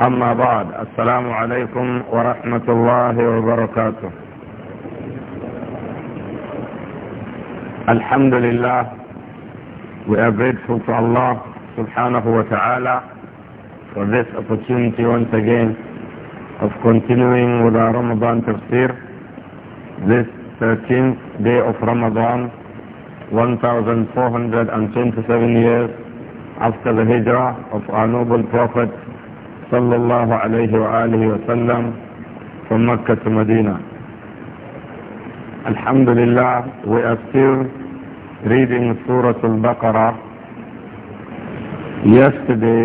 أما بعد السلام عليكم ورحمة الله وبركاته الحمد لله We are grateful to Allah subhanahu wa ta'ala for this opportunity once again of continuing with our Ramadan tafsir this 13th day of Ramadan 1427 years after the hijrah of our noble prophet صلى الله عليه وآله وسلم from Mecca to Medina. Alhamdulillah, we are still reading Surah Al-Baqarah. Yesterday,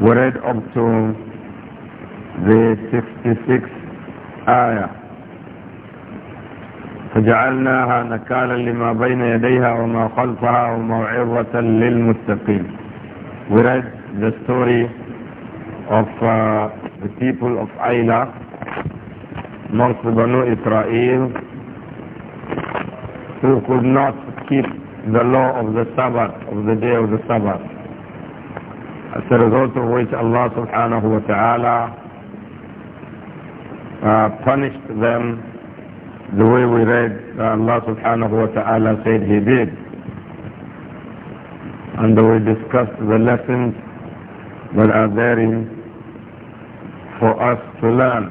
we read up to the 66th ayah. فجعلناها نكالا لما بين يديها وما خلفها وموعظة للمتقين. We read the story of uh, the people of Aila amongst the Banu Israel who could not keep the law of the Sabbath, of the day of the Sabbath. As a result of which Allah subhanahu wa ta'ala uh, punished them the way we read uh, Allah subhanahu wa ta'ala said he did. And we discussed the lessons but are therein for us to learn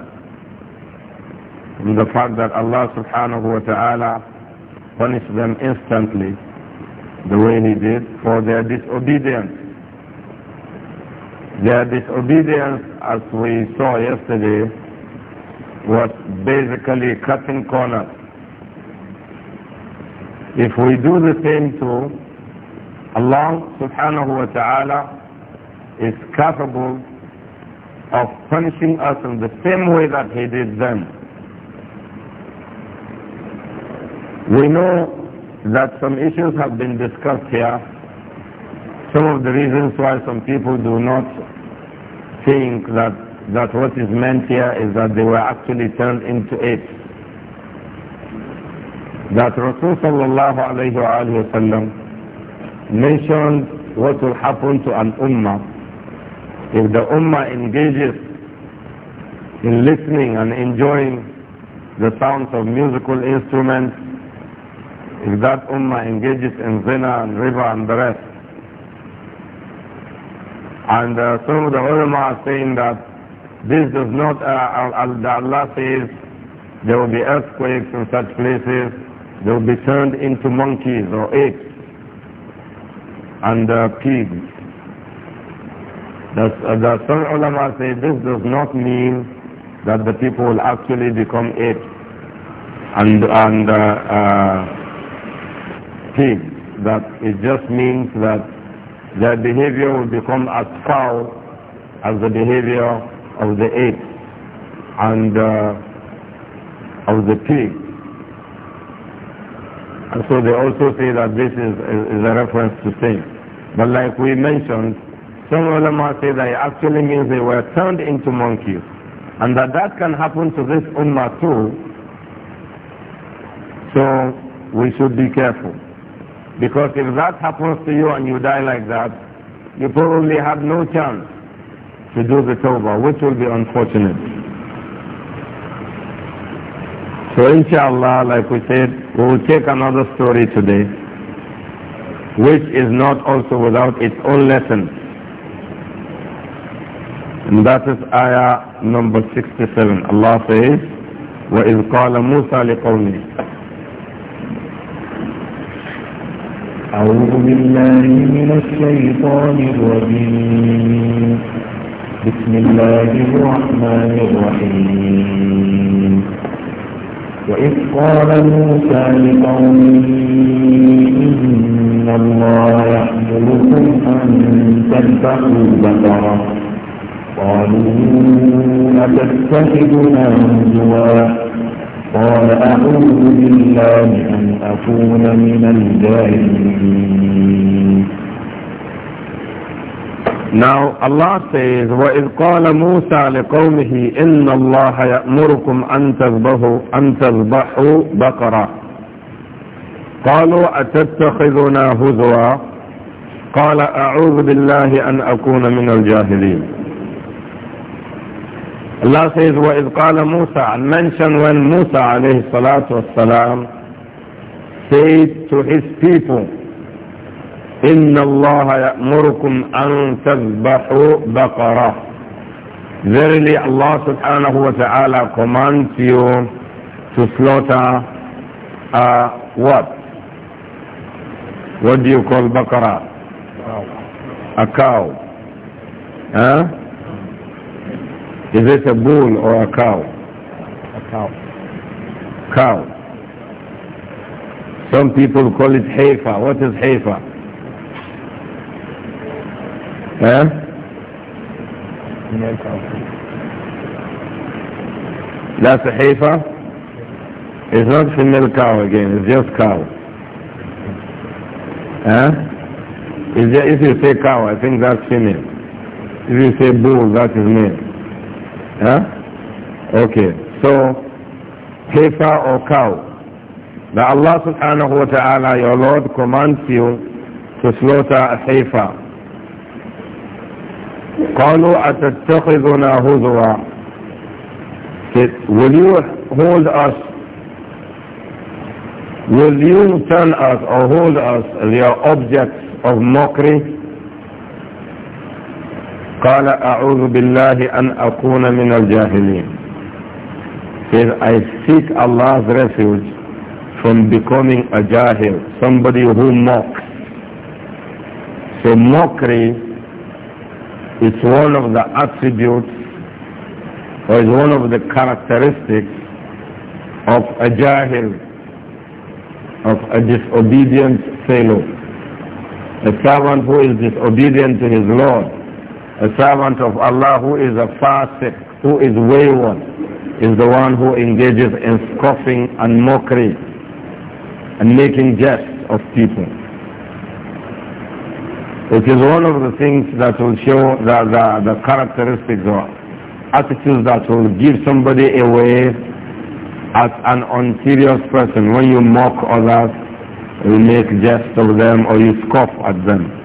from the fact that Allah subhanahu wa ta'ala punished them instantly the way he did for their disobedience. Their disobedience, as we saw yesterday, was basically cutting corners. If we do the same to Allah subhanahu wa ta'ala is capable of punishing us in the same way that he did them. We know that some issues have been discussed here, some of the reasons why some people do not think that, that what is meant here is that they were actually turned into apes. That Rasulullah sallallahu alayhi wa mentioned what will happen to an ummah if the ummah engages in listening and enjoying the sounds of musical instruments, if that ummah engages in zina and riba and the rest. And uh, some of the ulama are saying that this does not, uh, Allah says, there will be earthquakes in such places, they will be turned into monkeys or apes and uh, pigs. That, the some ulama say this does not mean that the people will actually become apes and, and uh, uh, That it just means that their behavior will become as foul as the behavior of the apes and uh, of the pig. And so they also say that this is, is a reference to sin. But like we mentioned, some ulama say that it actually means they were turned into monkeys. And that that can happen to this ummah too. So we should be careful. Because if that happens to you and you die like that, you probably have no chance to do the tawbah, which will be unfortunate. So inshallah, like we said, we will take another story today, which is not also without its own lessons. And that is ayah number 67. Allah says, وَإِذْ قَالَ مُوسَى لِقَوْمِهِ أعوذ بالله من الشيطان الرجيم بسم الله الرحمن الرحيم وإذ قال موسى لقومه إن الله يأمركم أن تذبحوا بقرة قالوا أتتخذنا هزوا قال أعوذ بالله أن أكون من الجاهلين Now Allah says, وَإِذْ قَالَ مُوسَى لِقَوْمِهِ إِنَّ اللَّهَ يَأْمُرُكُمْ أَن تَذْبَحُوا أَن تَذْبَحُوا بَقَرَةً قالوا أتتخذنا هزوا قال أعوذ بالله أن أكون من الجاهلين Allah says, وَإِذْ قَالَ Musa, and mention when Musa alayhi salatu wasalam said to his people, إِنَّ اللَّهَ يَأْمُرُكُمْ أَن تَذْبَحُوا بَقَرَةً Verily Allah subhanahu wa ta'ala commands you to slaughter uh, what? What do you call baqarah? A cow. Huh? Is it a bull or a cow? A cow. Cow. Some people call it heifer. What is heifer? Huh? That's a heifer? It's not female cow again, it's just cow. Huh? If you say cow, I think that's female. If you say bull, that is male. Huh? Okay, so heifer or cow. Now, Allah subhanahu wa ta'ala, your Lord, commands you to slaughter a heifer. قالوا أتتخذنا هزوا Will you hold us? Will you turn us or hold us your objects of mockery? قال أعوذ بالله أن أكون من الجاهلين says I seek Allah's refuge from becoming a jahil somebody who mocks so mockery is one of the attributes or is one of the characteristics of a jahil of a disobedient fellow a servant who is disobedient to his Lord a servant of Allah who is a fasiq, who is wayward, is the one who engages in scoffing and mockery and making jests of people. It is one of the things that will show the, the, the characteristics or attitudes that will give somebody away as an unserious person when you mock others, you make jest of them or you scoff at them.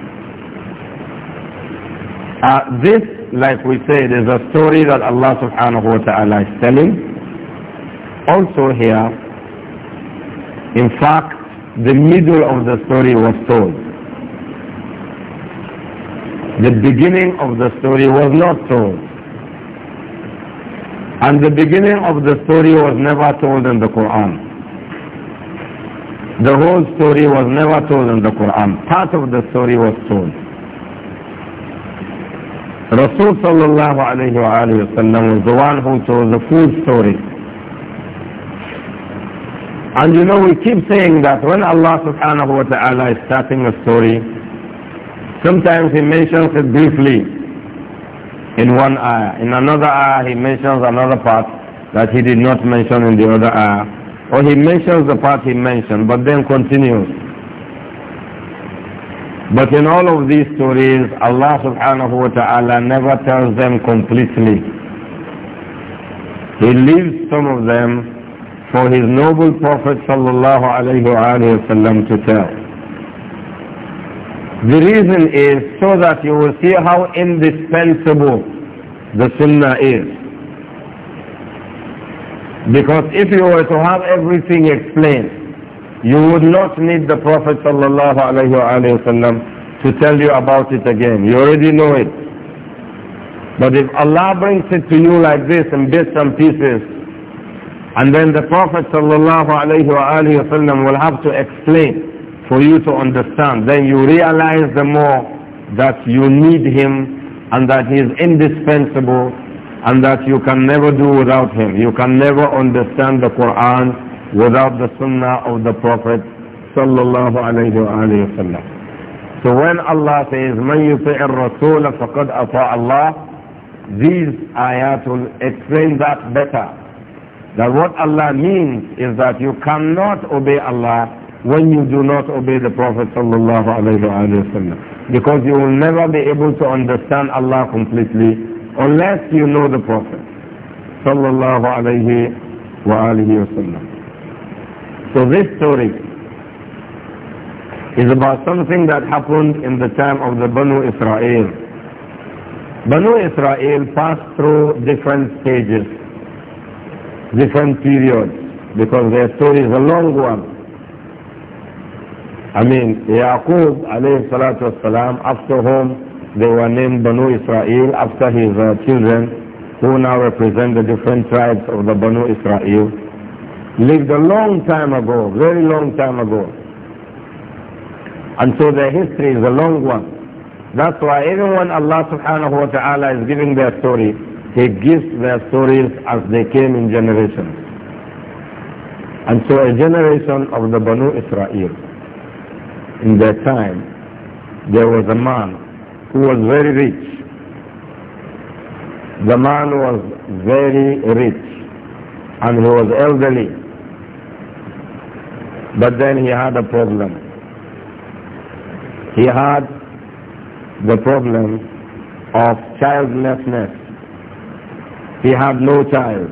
Uh, this, like we said, is a story that Allah subhanahu wa ta'ala is telling. Also here, in fact, the middle of the story was told. The beginning of the story was not told. And the beginning of the story was never told in the Quran. The whole story was never told in the Quran. Part of the story was told. Rasul صلى الله عليه وآله وسلم, was the the full story. And you know, we keep saying that when Allah subhanahu wa ta'ala is starting a story, sometimes He mentions it briefly in one ayah. In another ayah, He mentions another part that He did not mention in the other ayah. Or He mentions the part He mentioned, but then continues. But in all of these stories, Allah subhanahu wa ta'ala never tells them completely. He leaves some of them for his noble Prophet sallallahu alayhi wa to tell. The reason is so that you will see how indispensable the sunnah is. Because if you were to have everything explained, you would not need the Prophet ﷺ to tell you about it again. You already know it. But if Allah brings it to you like this in bits and pieces, and then the Prophet ﷺ will have to explain for you to understand, then you realize the more that you need him and that he is indispensable and that you can never do without him. You can never understand the Quran without the sunnah of the Prophet sallallahu alayhi wa sallam. So when Allah says, مَنْ يُطِعِ الرَّسُولَ فَقَدْ أَطَاعَ اللَّهِ These ayat will explain that better. That what Allah means is that you cannot obey Allah when you do not obey the Prophet sallallahu alayhi wa sallam. Because you will never be able to understand Allah completely unless you know the Prophet sallallahu alayhi wa sallam. So this story is about something that happened in the time of the Banu Israel. Banu Israel passed through different stages, different periods, because their story is a long one. I mean, Yaqub alayhi salatu wasalam, after whom they were named Banu Israel, after his uh, children, who now represent the different tribes of the Banu Israel lived a long time ago, very long time ago. And so their history is a long one. That's why even when Allah subhanahu wa ta'ala is giving their story, He gives their stories as they came in generations. And so a generation of the Banu Israel, in their time, there was a man who was very rich. The man was very rich and he was elderly. But then he had a problem. He had the problem of childlessness. He had no child.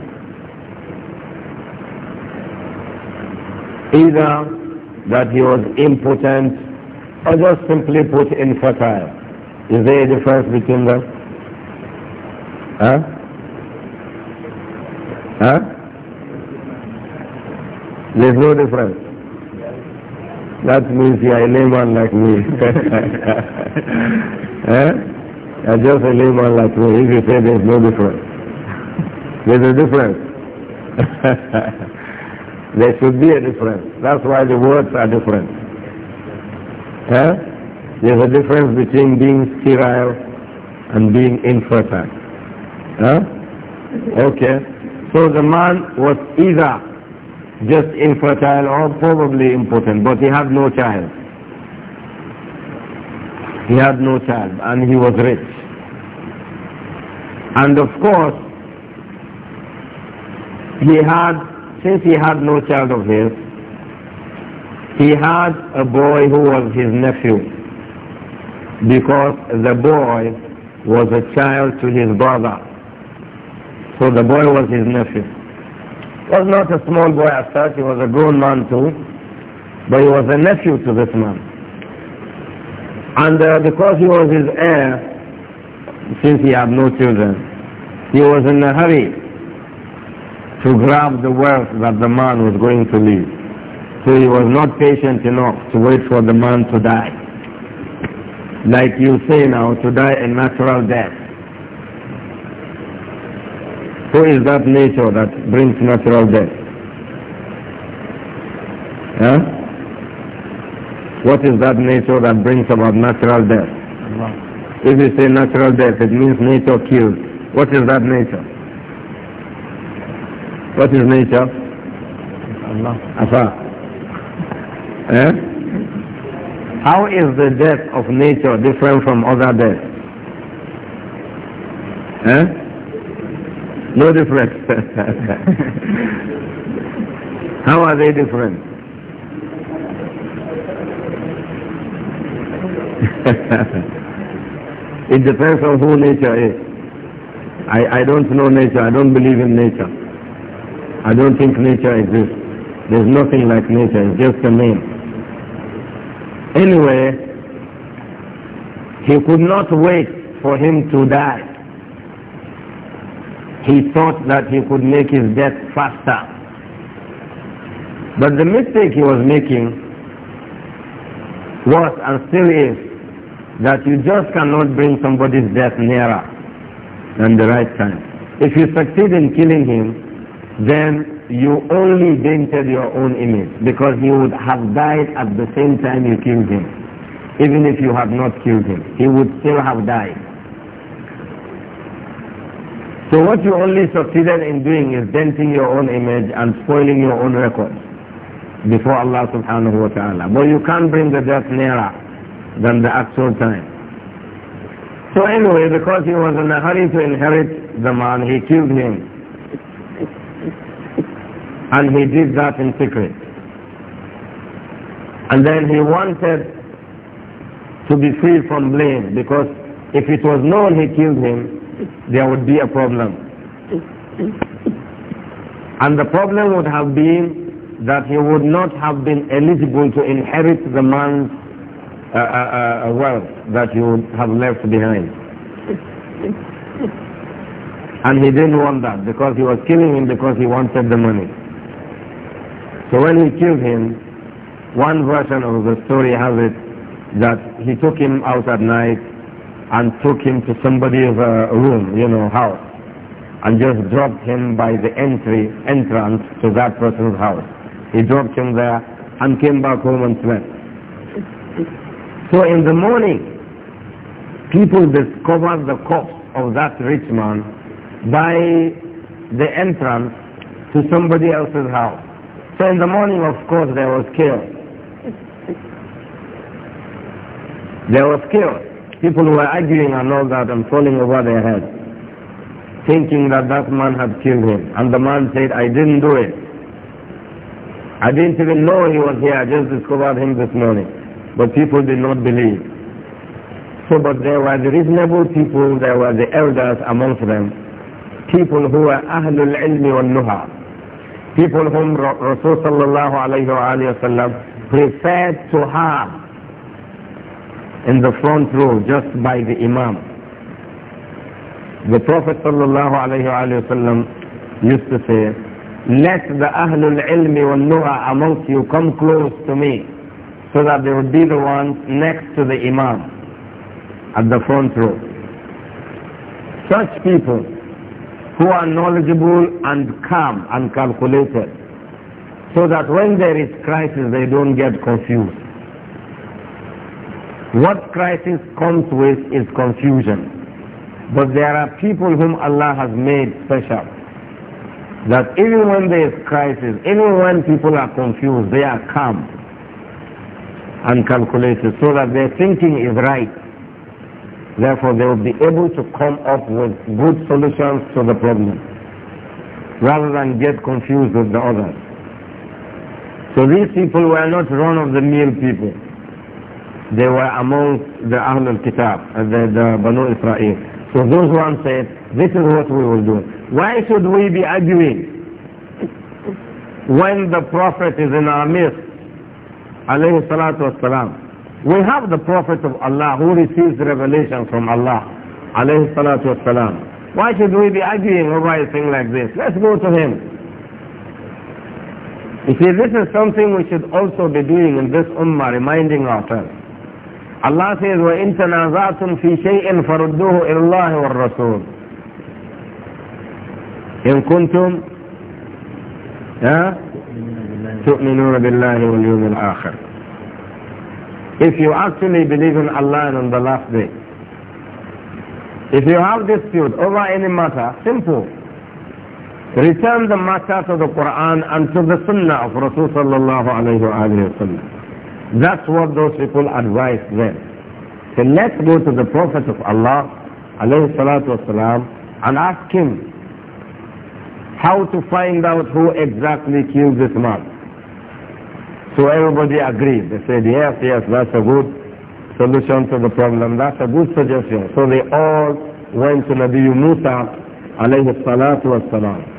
Either that he was impotent or just simply put infertile. Is there a difference between them? Huh? Huh? There's no difference. That means you are a layman like me. eh? You are just a layman like me if you say there is no difference. There's a difference. there should be a difference. That's why the words are different. Eh? There's a difference between being sterile and being infertile. Huh? Eh? Okay. So the man was either just infertile or probably impotent, but he had no child. He had no child and he was rich. And of course, he had, since he had no child of his, he had a boy who was his nephew because the boy was a child to his brother. So the boy was his nephew. Was not a small boy as such, he was a grown man too, but he was a nephew to this man. And uh, because he was his heir, since he had no children, he was in a hurry to grab the wealth that the man was going to leave. So he was not patient enough to wait for the man to die. Like you say now, to die a natural death. Who is that nature that brings natural death? Huh? What is that nature that brings about natural death? If you say natural death, it means nature kills. What is that nature? What is nature? Allah. Afa. Eh? How is the death of nature different from other death? Eh? No difference. How are they different? it depends on who nature is. I, I don't know nature. I don't believe in nature. I don't think nature exists. There's nothing like nature. It's just a name. Anyway, he could not wait for him to die he thought that he could make his death faster. But the mistake he was making was and still is that you just cannot bring somebody's death nearer than the right time. If you succeed in killing him, then you only dented your own image because he would have died at the same time you killed him. Even if you have not killed him, he would still have died. So what you only succeeded in doing is denting your own image and spoiling your own record before Allah subhanahu wa ta'ala. But you can't bring the death nearer than the actual time. So anyway, because he was in a hurry to inherit the man, he killed him. And he did that in secret. And then he wanted to be free from blame because if it was known he killed him, there would be a problem. And the problem would have been that he would not have been eligible to inherit the man's uh, uh, uh, wealth that you have left behind. And he didn't want that because he was killing him because he wanted the money. So when he killed him, one version of the story has it that he took him out at night and took him to somebody's uh, room, you know, house, and just dropped him by the entry entrance to that person's house. He dropped him there and came back home and slept. So in the morning, people discovered the corpse of that rich man by the entrance to somebody else's house. So in the morning, of course, there was chaos. There was chaos. People were arguing and all that and falling over their heads, thinking that that man had killed him. And the man said, I didn't do it. I didn't even know he was here. I just discovered him this morning. But people did not believe. So, but there were the reasonable people, there were the elders amongst them, people who were Ahlul Ilmi wal Nuha, people whom Rasulullah sallallahu alayhi wa preferred to harm in the front row just by the Imam. The Prophet ﷺ used to say, let the Ahlul Ilmi wal Nuha amongst you come close to me so that they would be the ones next to the Imam at the front row. Such people who are knowledgeable and calm and calculated so that when there is crisis they don't get confused. What crisis comes with is confusion. But there are people whom Allah has made special. That even when there is crisis, even when people are confused, they are calm and calculated so that their thinking is right. Therefore, they will be able to come up with good solutions to the problem rather than get confused with the others. So these people were not run-of-the-mill people. They were among the Ahlul Kitab, uh, the, the Banu Israel. So those ones said, this is what we will do. Why should we be arguing when the Prophet is in our midst? Alayhi salatu wasalam. We have the Prophet of Allah who receives revelation from Allah. Alayhi salatu wasalam. Why should we be arguing over a thing like this? Let's go to him. You see, this is something we should also be doing in this ummah, reminding ourselves. Allah says, وَإِن تَنَازَعْتُمْ فِي شَيْءٍ فَرُدُّوهُ إِلَى اللَّهِ وَالرَّسُولِ إِن كُنتُمْ تُؤْمِنُونَ بِاللَّهِ وَالْيَوْمِ الْآخِرِ If you actually believe in Allah and on the last day, if you have dispute over any matter, simple. Return the matter to the Quran and to the Sunnah of Rasul sallallahu alayhi wa sallam. That's what those people advised them. So let's go to the Prophet of Allah, alayhi salatu wasalam, and ask him how to find out who exactly killed this man. So everybody agreed. They said, yes, yes, that's a good solution to the problem. That's a good suggestion. So they all went to Nabi Musa, alayhi salatu wasalam.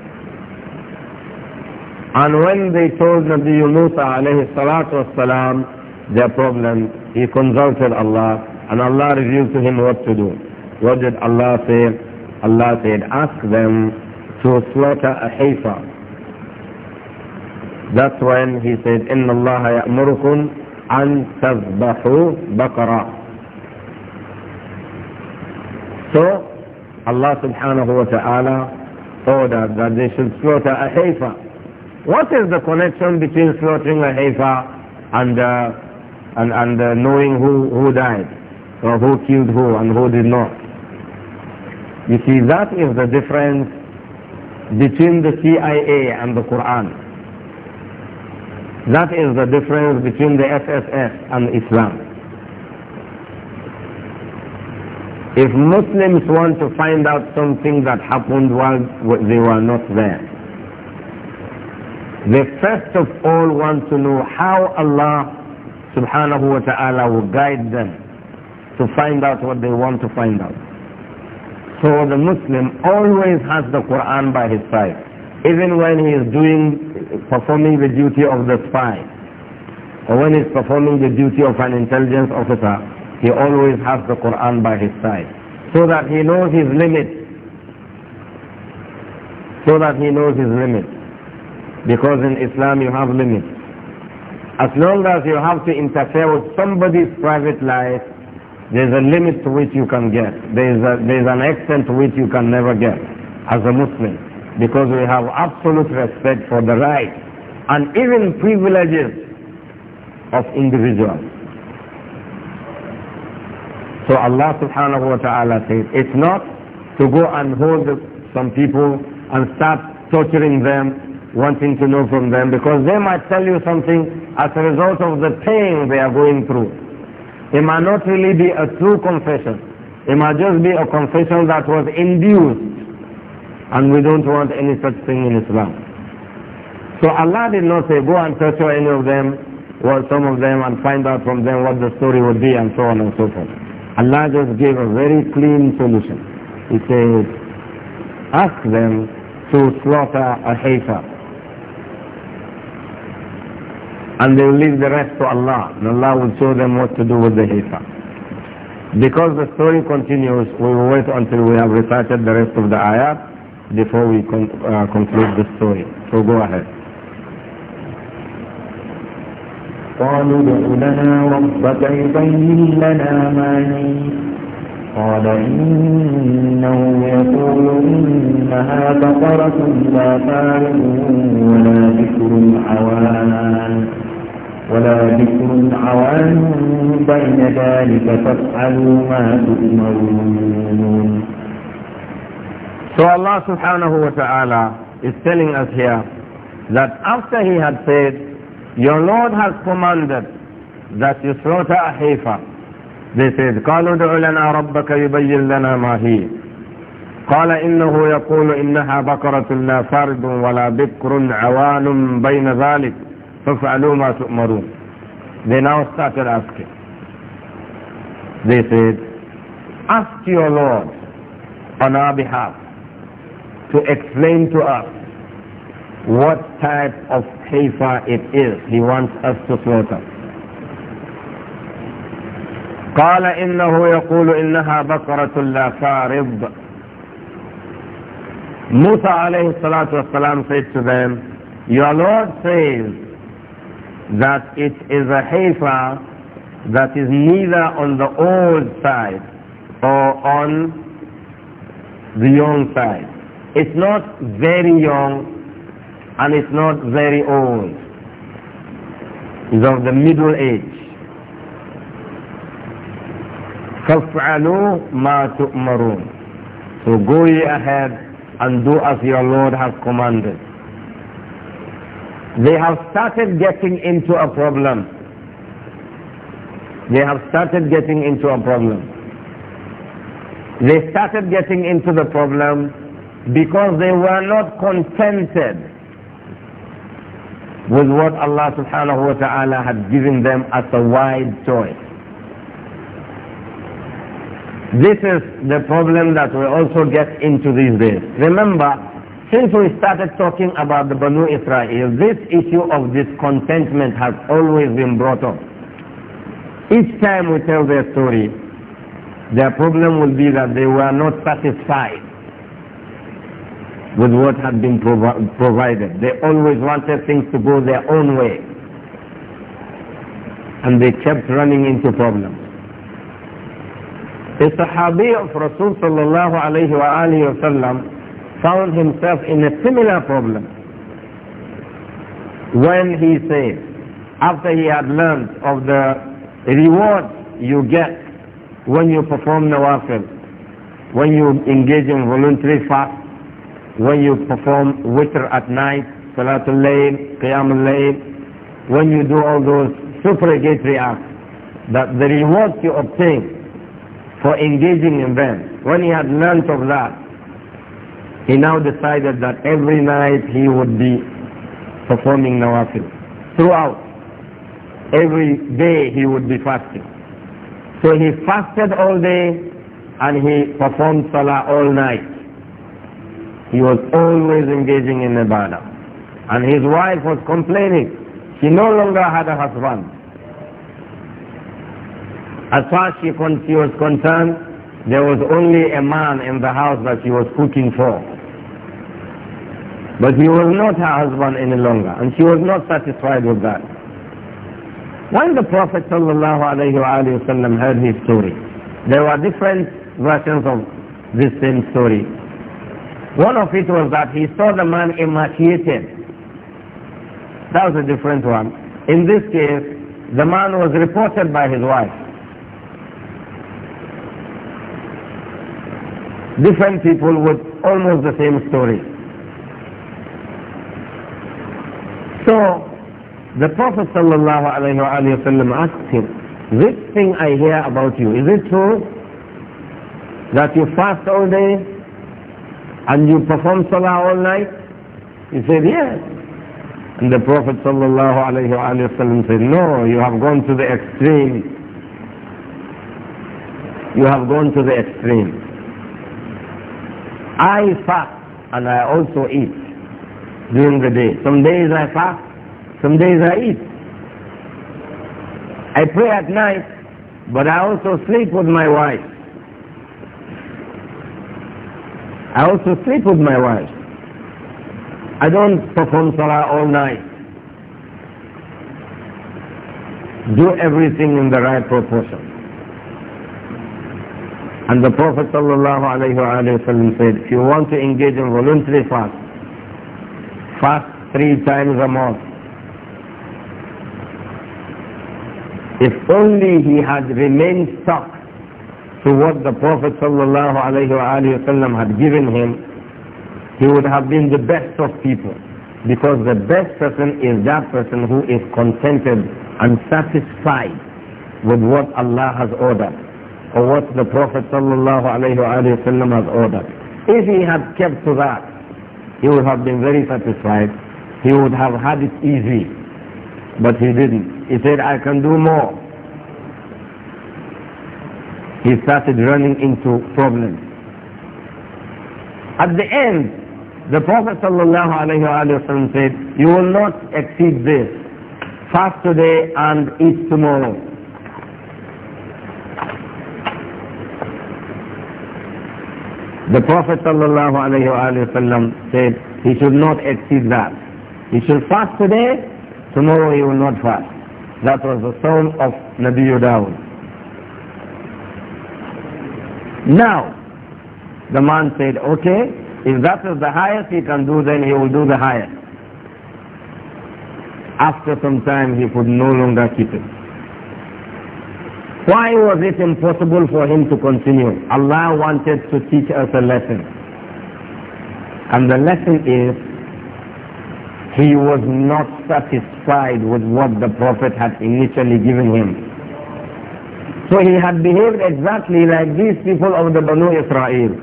And when they told Nabi Musa alayhi salatu wasalam their problem, he consulted Allah, and Allah revealed to him what to do. What did Allah say? Allah said, ask them to slaughter a heifer. That's when he said, إِنَّ اللَّهَ يَأْمُرُكُمْ أَن تَذْبَحُوا بَقَرًا So, Allah subhanahu wa ta'ala ordered that they should slaughter a heifer. What is the connection between slaughtering a heifer and uh, and, and uh, knowing who, who died or who killed who and who did not. You see, that is the difference between the CIA and the Quran. That is the difference between the FSS and Islam. If Muslims want to find out something that happened while they were not there, they first of all want to know how Allah subhanahu wa ta'ala will guide them to find out what they want to find out. So the Muslim always has the Quran by his side, even when he is doing, performing the duty of the spy, or when he is performing the duty of an intelligence officer, he always has the Quran by his side, so that he knows his limits. So that he knows his limits. Because in Islam you have limits. As long as you have to interfere with somebody's private life, there's a limit to which you can get. There's, a, there's an extent to which you can never get as a Muslim. Because we have absolute respect for the rights and even privileges of individuals. So Allah subhanahu wa ta'ala says, it's not to go and hold some people and start torturing them wanting to know from them because they might tell you something as a result of the pain they are going through. It might not really be a true confession. It might just be a confession that was induced. And we don't want any such thing in Islam. So Allah did not say, go and torture any of them or some of them and find out from them what the story would be and so on and so forth. Allah just gave a very clean solution. He said, ask them to slaughter a heifer and they will leave the rest to Allah. And Allah will show them what to do with the Isa. Because the story continues, we will wait until we have recited the rest of the ayat before we con uh, conclude the story. So go ahead. قالوا ادع لنا ربك يبين لنا ما هي قال إنه يقول إنها لا فارغ ولا ذكر ولا ذكر عوان بين ذلك فافعلوا ما تؤمرون So Allah subhanahu wa ta'ala is telling us here that after he had said, Your Lord has commanded that you slaughter a heifer. They said, قالوا دعوا لنا ربك يبين لنا ما هي. قال إنه يقول إنها بقرة لا فرد ولا بكر عوان بين ذلك فَفْعَلُوا مَا تُؤْمَرُونَ They now started asking. They said, ask your Lord on our behalf to explain to us what type of heifer it is he wants us to slaughter. قال إنه يقول إنها بقرة لا فارض Musa alayhi salatu wasalam said to them, Your Lord says that it is a heifer that is neither on the old side or on the young side. It's not very young and it's not very old. It's of the middle age. So مَا تُؤْمَرُونَ So go ye ahead and do as your Lord has commanded. They have started getting into a problem. They have started getting into a problem. They started getting into the problem because they were not contented with what Allah subhanahu wa ta'ala had given them as a wide choice. This is the problem that we also get into these days. Remember, since we started talking about the Banu Israel, this issue of discontentment has always been brought up. Each time we tell their story, their problem will be that they were not satisfied with what had been provi provided. They always wanted things to go their own way. And they kept running into problems. The Sahabi of Rasul sallallahu alayhi wa found himself in a similar problem when he said, after he had learned of the reward you get when you perform nawafil, when you engage in voluntary fast, when you perform witr at night, salatul layl, qiyam layl, when you do all those supererogatory acts, that the reward you obtain for engaging in them, when he had learnt of that, he now decided that every night he would be performing nawafil. Throughout, every day he would be fasting. So he fasted all day and he performed salah all night. He was always engaging in ibadah. And his wife was complaining. She no longer had a husband. As far as she, was concerned, there was only a man in the house that she was cooking for. But he was not her husband any longer, and she was not satisfied with that. When the Prophet ﷺ heard his story, there were different versions of this same story. One of it was that he saw the man emaciated. That was a different one. In this case, the man was reported by his wife. Different people with almost the same story. So the Prophet sallallahu alayhi wa asked him, this thing I hear about you, is it true that you fast all day and you perform salah all night? He said, yes. And the Prophet sallallahu alayhi wa said, no, you have gone to the extreme. You have gone to the extreme. I fast and I also eat during the day. Some days I fast, some days I eat. I pray at night, but I also sleep with my wife. I also sleep with my wife. I don't perform salah all night. Do everything in the right proportion. And the Prophet ﷺ said, if you want to engage in voluntary fast, Fast three times a month. If only he had remained stuck to what the Prophet sallallahu had given him, he would have been the best of people. Because the best person is that person who is contented and satisfied with what Allah has ordered or what the Prophet sallallahu has ordered. If he had kept to that, he would have been very satisfied. He would have had it easy. But he didn't. He said, I can do more. He started running into problems. At the end, the Prophet ﷺ said, you will not exceed this. Fast today and eat tomorrow. The Prophet ﷺ said he should not exceed that. He should fast today, tomorrow he will not fast. That was the soul of Nabi Dawood. Now, the man said, okay, if that is the highest he can do, then he will do the highest. After some time, he could no longer keep it. Why was it impossible for him to continue? Allah wanted to teach us a lesson. And the lesson is, he was not satisfied with what the Prophet had initially given him. So he had behaved exactly like these people of the Banu Israel.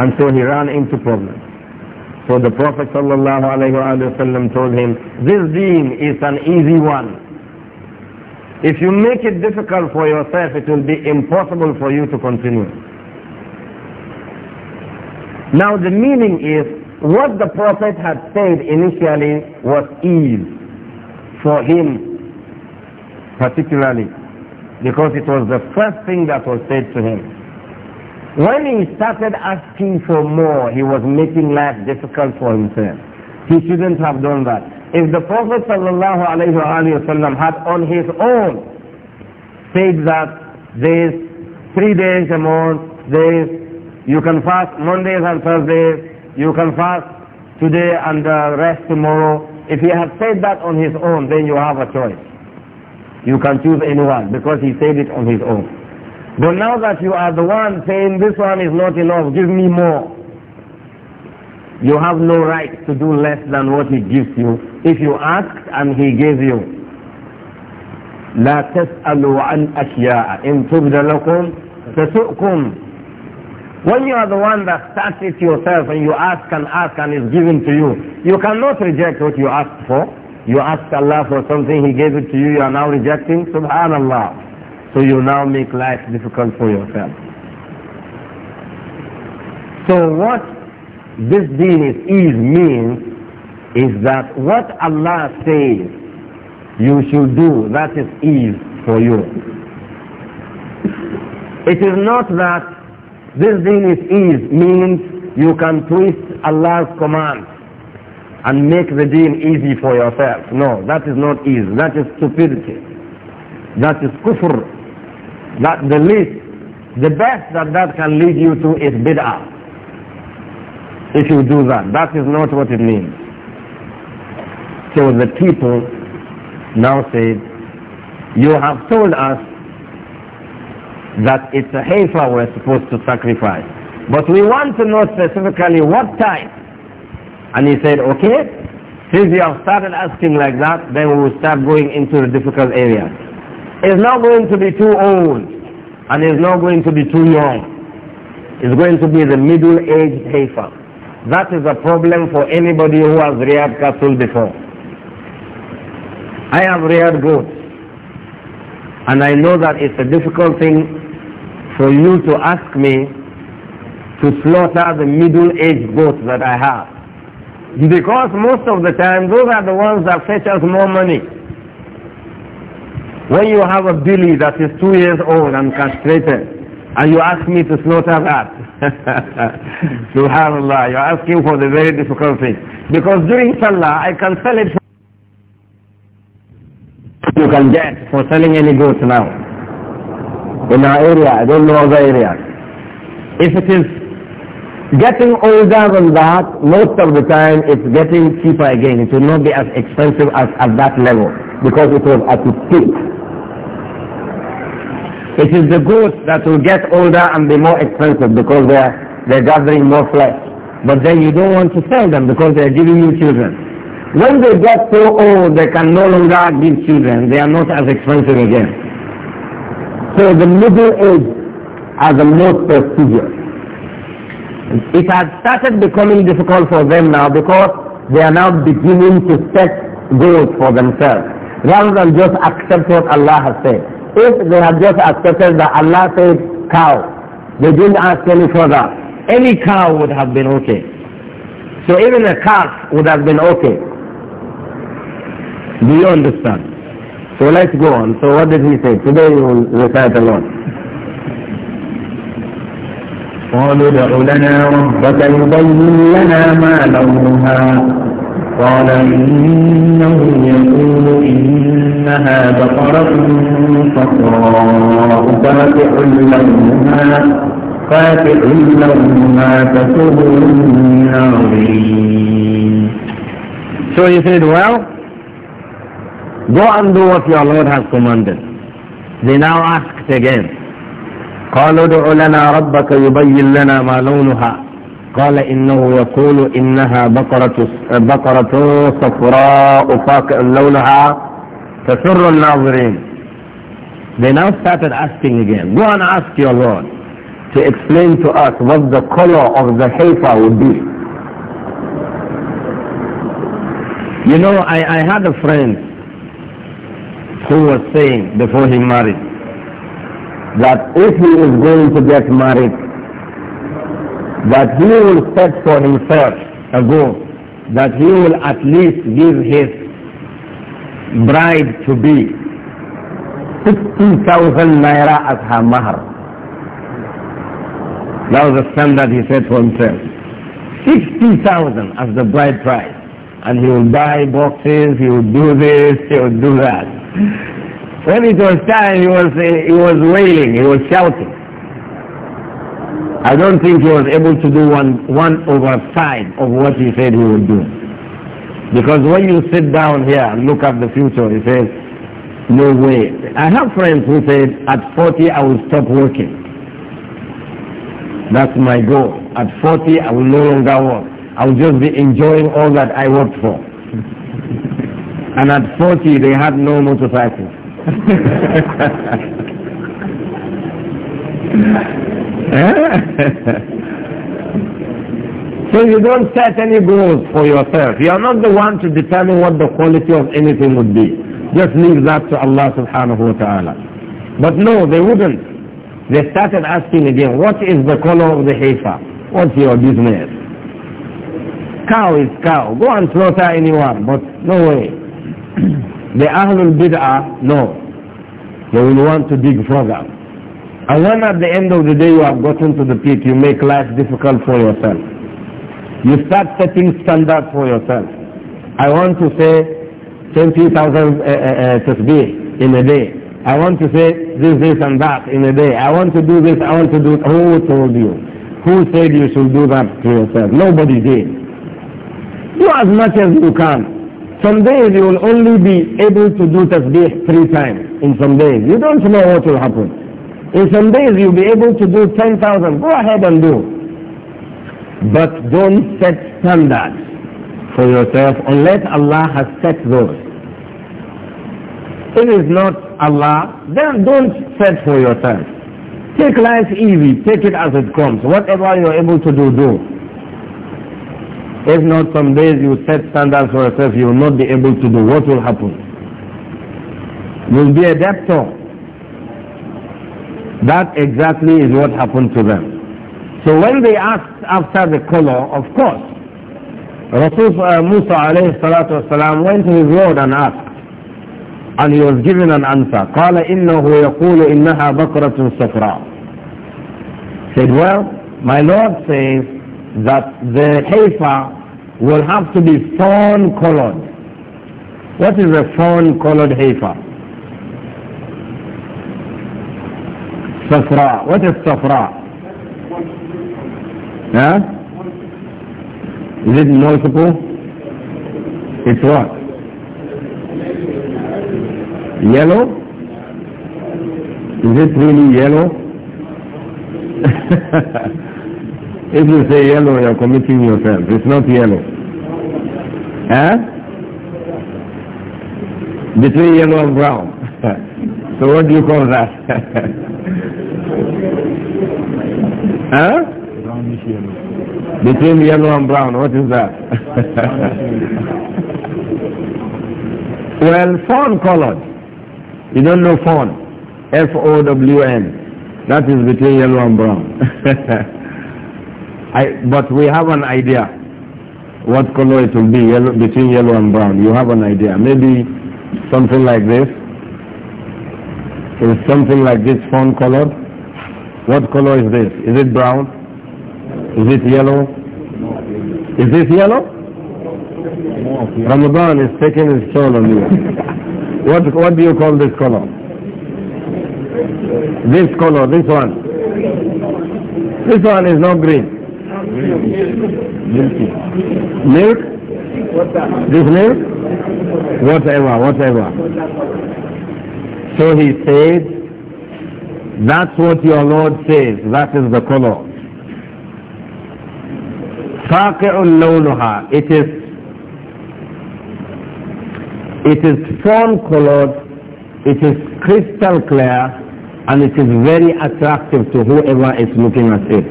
And so he ran into problems. So the Prophet ﷺ told him, this deen is an easy one. If you make it difficult for yourself, it will be impossible for you to continue. Now the meaning is, what the Prophet had said initially was ease for him, particularly, because it was the first thing that was said to him. When he started asking for more, he was making life difficult for himself. He shouldn't have done that. If the Prophet ﷺ had on his own said that this three days a month, this you can fast Mondays and Thursdays, you can fast today and uh, rest tomorrow. If he had said that on his own, then you have a choice. You can choose anyone because he said it on his own. But now that you are the one saying this one is not enough, give me more. You have no right to do less than what he gives you if you asked and he gave you. لا تسألوا عن أشياء إن تبد لكم تسؤكم When you are the one that starts it yourself and you ask and ask and it's given to you, you cannot reject what you asked for. You asked Allah for something, He gave it to you, you are now rejecting. Subhanallah. So you now make life difficult for yourself. So what this deen is ease means is that what Allah says you should do, that is ease for you. It is not that this deen is ease means you can twist Allah's command and make the deen easy for yourself. No, that is not ease. That is stupidity. That is kufr. That the least, the best that that can lead you to is bid'ah if you do that. That is not what it means. So the people now said, you have told us that it's a heifer we're supposed to sacrifice. But we want to know specifically what type. And he said, okay, since you have started asking like that, then we will start going into the difficult areas. It's not going to be too old, and it's not going to be too young. It's going to be the middle-aged heifer. That is a problem for anybody who has reared cattle before. I have reared goats. And I know that it's a difficult thing for you to ask me to slaughter the middle-aged goats that I have. Because most of the time, those are the ones that fetch us more money. When you have a billy that is two years old and castrated, and you ask me to slaughter that. Subhanallah, you're asking for the very difficult thing. Because during Salah, I can sell it you can get for selling any goods now. In our area, I don't know other areas. If it is getting older than that, most of the time it's getting cheaper again. It will not be as expensive as at that level because it was at its peak. It is the goats that will get older and be more expensive because they are, they're gathering more flesh. But then you don't want to sell them because they're giving you children. When they get so old, they can no longer give children. They are not as expensive again. So the middle age are the most prestigious. It has started becoming difficult for them now because they are now beginning to set goals for themselves rather than just accept what Allah has said. If they had just accepted that Allah said cow, they didn't ask any further, any cow would have been okay. So even a calf would have been okay. Do you understand? So let's go on. So what did he say? Today we will recite a lot. قالوا ادع لنا ربك يبين لنا ما لونها قال إنه يقول إنها بقرة صفراء فاتع لهما فاتع لهما تسر So he said, well, go and do what your Lord has commanded. They now asked again. قالوا ادع لنا ربك يبين لنا ما لونها قال إنه يقول إنها بقرة بقرة صفراء لونها تسر الناظرين They now started asking again. Go and ask your Lord to explain to us what the color of the heifer would be. You know, I, I had a friend who was saying before he married that if he is going to get married, that he will set for himself a goal, that he will at least give his bride to be 60,000 naira as her mahar. That was the standard he set for himself. 60,000 as the bride price. And he will buy boxes, he will do this, he will do that. When it was time, he was, he was wailing, he was shouting. I don't think he was able to do one, one over five of what he said he would do. Because when you sit down here and look at the future, he says, no way. I have friends who said, at 40 I will stop working. That's my goal. At 40 I will no longer work. I will just be enjoying all that I worked for. and at 40 they had no motorcycles. so you don't set any goals for yourself. You are not the one to determine what the quality of anything would be. Just leave that to Allah subhanahu wa ta'ala. But no, they wouldn't. They started asking again, what is the color of the heifer? What's your business? Cow is cow. Go and slaughter anyone, but no way. the Ahlul Bid'ah, no. They will want to dig further. And when at the end of the day you have gotten to the peak, you make life difficult for yourself. You start setting standards for yourself. I want to say 20,000 uh, eh, uh, eh, eh, tasbih in a day. I want to say this, this and that in a day. I want to do this, I want to do... Who told you? Who said you should do that to yourself? Nobody did. Do as much as you can. Some days you will only be able to do tasbih three times in some days. You don't know what will happen. In some days you'll be able to do 10,000. Go ahead and do. But don't set standards for yourself unless Allah has set those. If it's not Allah, then don't set for yourself. Take life easy. Take it as it comes. Whatever you're able to do, do. If not, some days you set standards for yourself, you will not be able to do. What will happen? You'll be a debtor. That exactly is what happened to them. So when they asked after the color, of course, Rasul uh, Musa alayhi salatu wasalam went to his Lord and asked, and he was given an answer. قال إنه يقول إنها بقرة صفراء. Said, well, my Lord says that the heifer will have to be fawn colored. What is a fawn colored heifer? Safra. What is Safra? Is it multiple? It's what? Yellow? Is it really yellow? if you say yellow, you're committing yourself. It's not yellow. Huh? Between yellow and brown. so what do you call that? Huh? Brownish yellow. Between yellow and brown, what is that? well, fawn colored. You don't know fawn. F-O-W-N. That is between yellow and brown. I, but we have an idea what color it will be yellow, between yellow and brown. You have an idea. Maybe something like this is something like this phone colored? What color is this? Is it brown? Is it yellow? Is this yellow? Ramadan is taking his toll on you. what, what do you call this color? This color, this one. This one is not green. Milk? This milk? Whatever, whatever. So he said, that's what your Lord says, that is the color. it is it is fawn colored it is crystal clear and it is very attractive to whoever is looking at it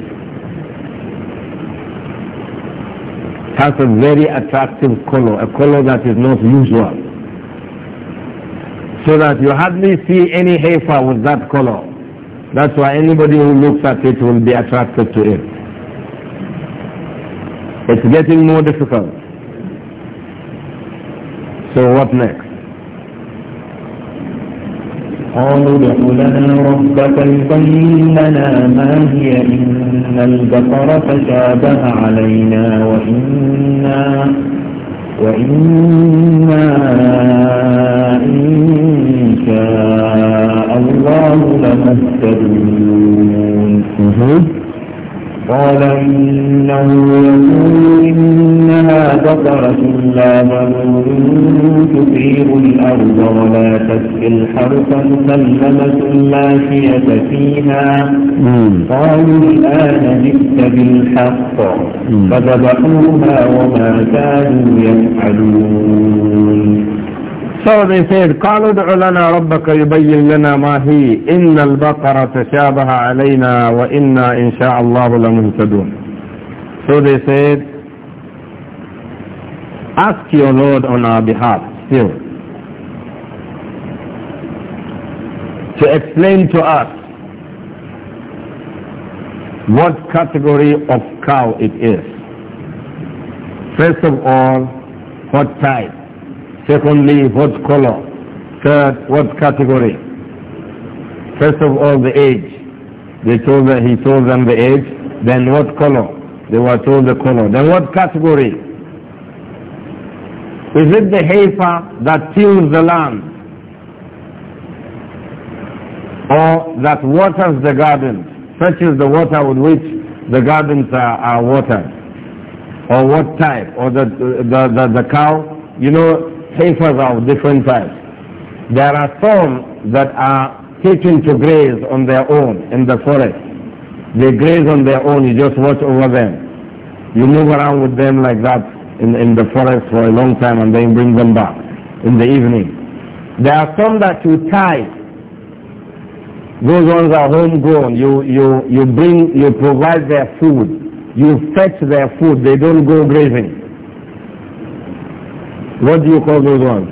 it has a very attractive color a color that is not usual so that you hardly see any heifer with that color. That's why anybody who looks at it will be attracted to it. It's getting more difficult. So what next? قالوا ادع لنا ربك يبين لنا ما هي إن علينا وإنا وإنا إن شاء الله لمهتدون قال إنه يقول إنها بقرة لا ضرور تثير الأرض ولا تسقي الحرث مسلمة لا شية فيها قالوا الآن جئت بالحق فذبحوها وما كانوا يفعلون So they said, قَالُوا دْعُ لَنَا رَبَّكَ يُبَيِّنْ لَنَا مَا هِي إِنَّ الْبَقَرَ تَشَابَهَ عَلَيْنَا وَإِنَّا إِنْ شَاءَ اللَّهُ So they said, ask your Lord on our behalf still to explain to us what category of cow it is. First of all, what type. Secondly, what color? Third, what category? First of all, the age. They told that he told them the age. Then what color? They were told the color. Then what category? Is it the heifer that tills the land? Or that waters the garden? Such is the water with which the gardens are, are watered. Or what type? Or the, the, the, the cow? You know, papers of different types. There are some that are teaching to graze on their own in the forest. They graze on their own, you just watch over them. You move around with them like that in, in the forest for a long time and then bring them back in the evening. There are some that you tie. Those ones are homegrown. You, you, you bring, you provide their food. You fetch their food. They don't go grazing. What do you call those ones?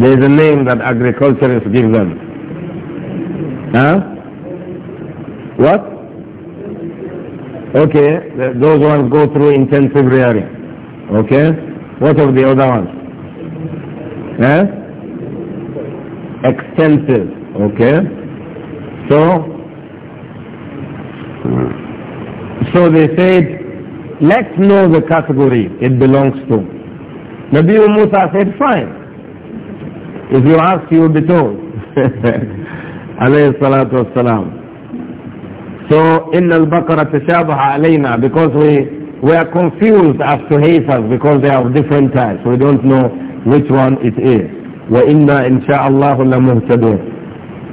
There is a name that agriculturists give them. Huh? What? Okay, those ones go through intensive rearing. Okay? What of the other ones? Huh? Extensive. Okay? So, so they said Let's know the category it belongs to. Nabi Musa said, fine. If you ask, you will be told. alayhi salatu wasalam. So, al الْبَقَرَ تَشَابَهَ alayna Because we, we are confused as to heifers because they are of different types. We don't know which one it Wa inna إِنْ شَاءَ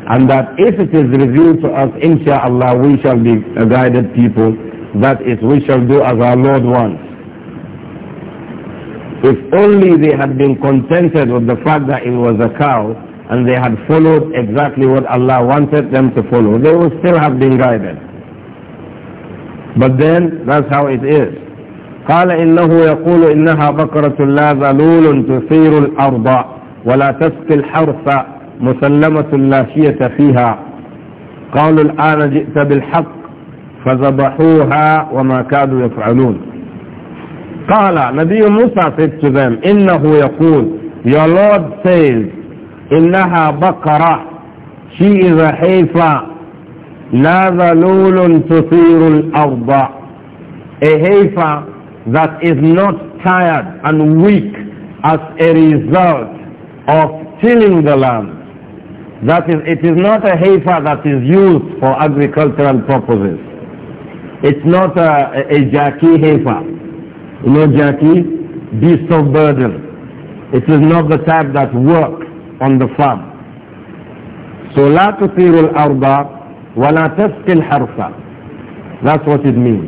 and that if it is revealed to us, insha'Allah, we shall be guided people that is, we shall do as our Lord wants. If only they had been contented with the fact that it was a cow and they had followed exactly what Allah wanted them to follow, they would still have been guided. But then, that's how it is. قال إنه يقول إنها بقرة لا ذلول تثير الأرض ولا تسقي الحرث مسلمة لا فيها قالوا الآن جئت بالحق فذبحوها وما كادوا يفعلون قال نبي موسى said to them إنه يقول your Lord says إنها بقرة she is a heifer لا ذلول تثير الأرض a heifer that is not tired and weak as a result of tilling the land that is it is not a heifer that is used for agricultural purposes it's not a, a, a jaki heifer. You know jaki? Beast of burden. It is not the type that work on the farm. So لا تثير الأرض ولا تسقي الحرث. That's what it means.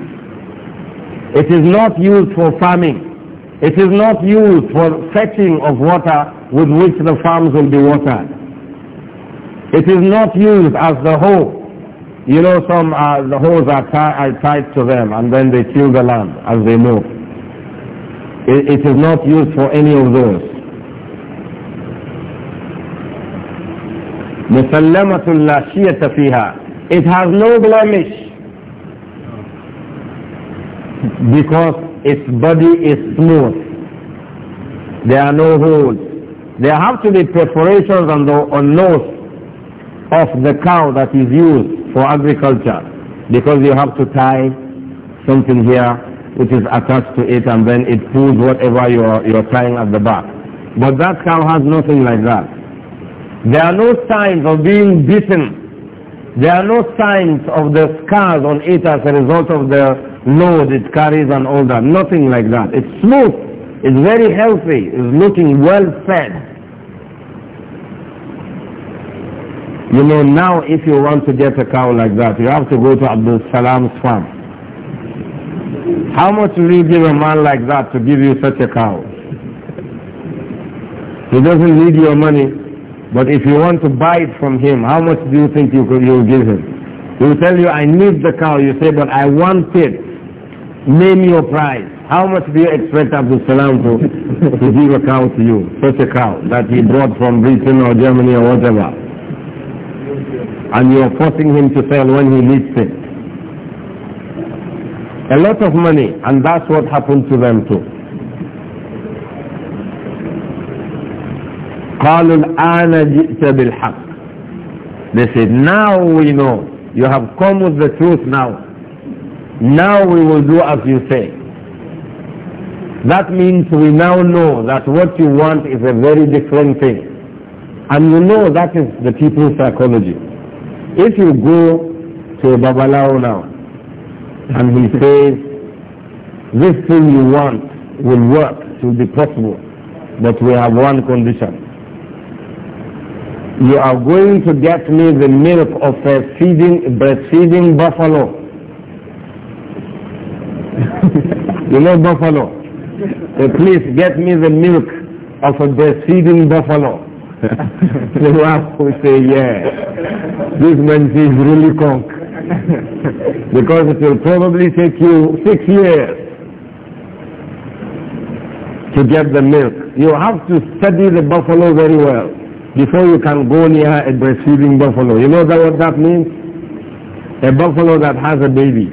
It is not used for farming. It is not used for fetching of water with which the farms will be watered. It is not used as the hoe you know, some uh, the hoes are, are tied to them and then they kill the lamb as they move. It, it is not used for any of those. مسلمة لا شية فيها. It has no blemish because its body is smooth. There are no holes. There have to be perforations on the on nose of the cow that is used for agriculture because you have to tie something here which is attached to it and then it pulls whatever you are, you are tying at the back. But that cow has nothing like that. There are no signs of being bitten. There are no signs of the scars on it as a result of the load it carries and all that. Nothing like that. It's smooth. It's very healthy. It's looking well fed. You know, now if you want to get a cow like that, you have to go to Abdul Salam's farm. How much will you give a man like that to give you such a cow? He doesn't need your money, but if you want to buy it from him, how much do you think you could, you'll give him? He will tell you, I need the cow. You say, but I want it. Name your price. How much do you expect Abdul Salam to, to give a cow to you? Such a cow that he brought from Britain or Germany or whatever and you're forcing him to sell when he needs it. A lot of money, and that's what happened to them too. قالوا الآن جئت بالحق They said, now we know. You have come with the truth now. Now we will do as you say. That means we now know that what you want is a very different thing. And you know that is the people's psychology. If you go to Babalao now and he says, this thing you want will work, it will be possible, but we have one condition. You are going to get me the milk of a feeding, breastfeeding buffalo. you know buffalo? So please get me the milk of a breastfeeding buffalo. They have to say, yeah, this man is really conk. because it will probably take you six years to get the milk. You have to study the buffalo very well before you can go near a breastfeeding buffalo. You know that what that means? A buffalo that has a baby.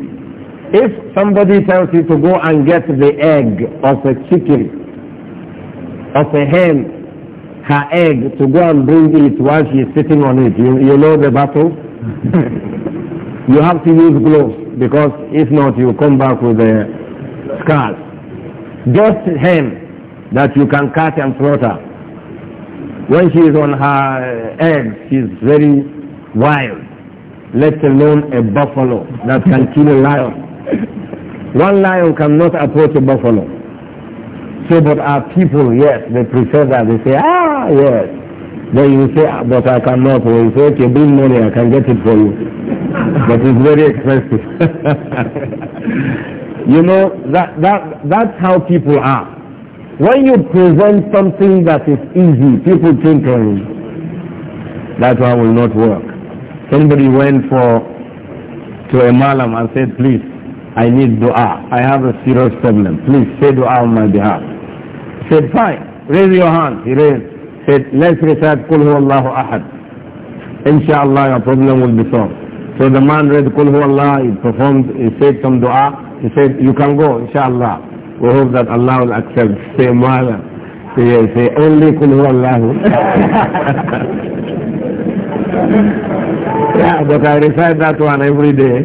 If somebody tells you to go and get the egg of a chicken, of a hen, her egg to go and bring it while she is sitting on it. You, you know the battle? you have to use gloves because if not you come back with the scars. Just hen that you can catch and slaughter. When she is on her uh, she she's very wild, let alone a buffalo that can kill a lion. One lion cannot approach a buffalo say, but our people, yes, they prefer that. They say, ah, yes. Then you say, ah, but I cannot. Or you say, okay, bring money, I can get it for you. but it's very expensive. you know, that, that, that's how people are. When you present something that is easy, people think on it. That one will not work. Somebody went for to a malam and said, please, I need dua. I have a serious problem. Please say dua on my behalf. Said, fine, raise your hand. He raised. Said, let's recite Qul Allahu Ahad. Inshallah, your problem will be solved. So the man read Qul Allah, he performed, he said some dua. He said, you can go, inshallah. We hope that Allah will accept. Say, Mala. Say, say only Qul Allahu. yeah, but I recite that one every day.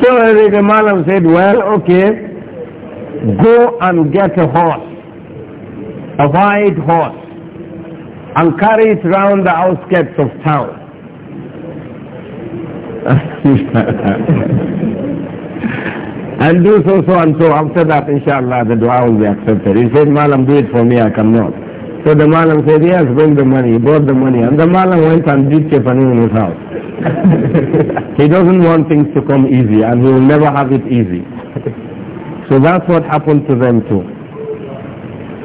so the Malam said, well, okay, go and get a horse, a white horse, and carry it round the outskirts of town. and do so, so and so. After that, inshallah, the dua will be accepted. He said, Malam, do it for me, I cannot. So the Malam said, yes, bring the money. He brought the money. And the Malam went and did Chepanin in his house. he doesn't want things to come easy, and he will never have it easy. So that's what happened to them too.